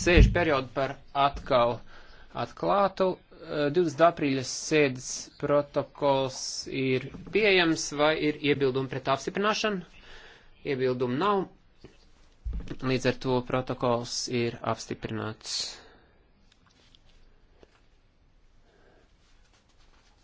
sēžu periodu par atkal atklātu. 20. Eh, aprīļa sēdes protokols ir pieejams vai ir iebildumi pret apstiprināšanu? Iebildumu nav. Līdz ar to protokols ir apstiprināts.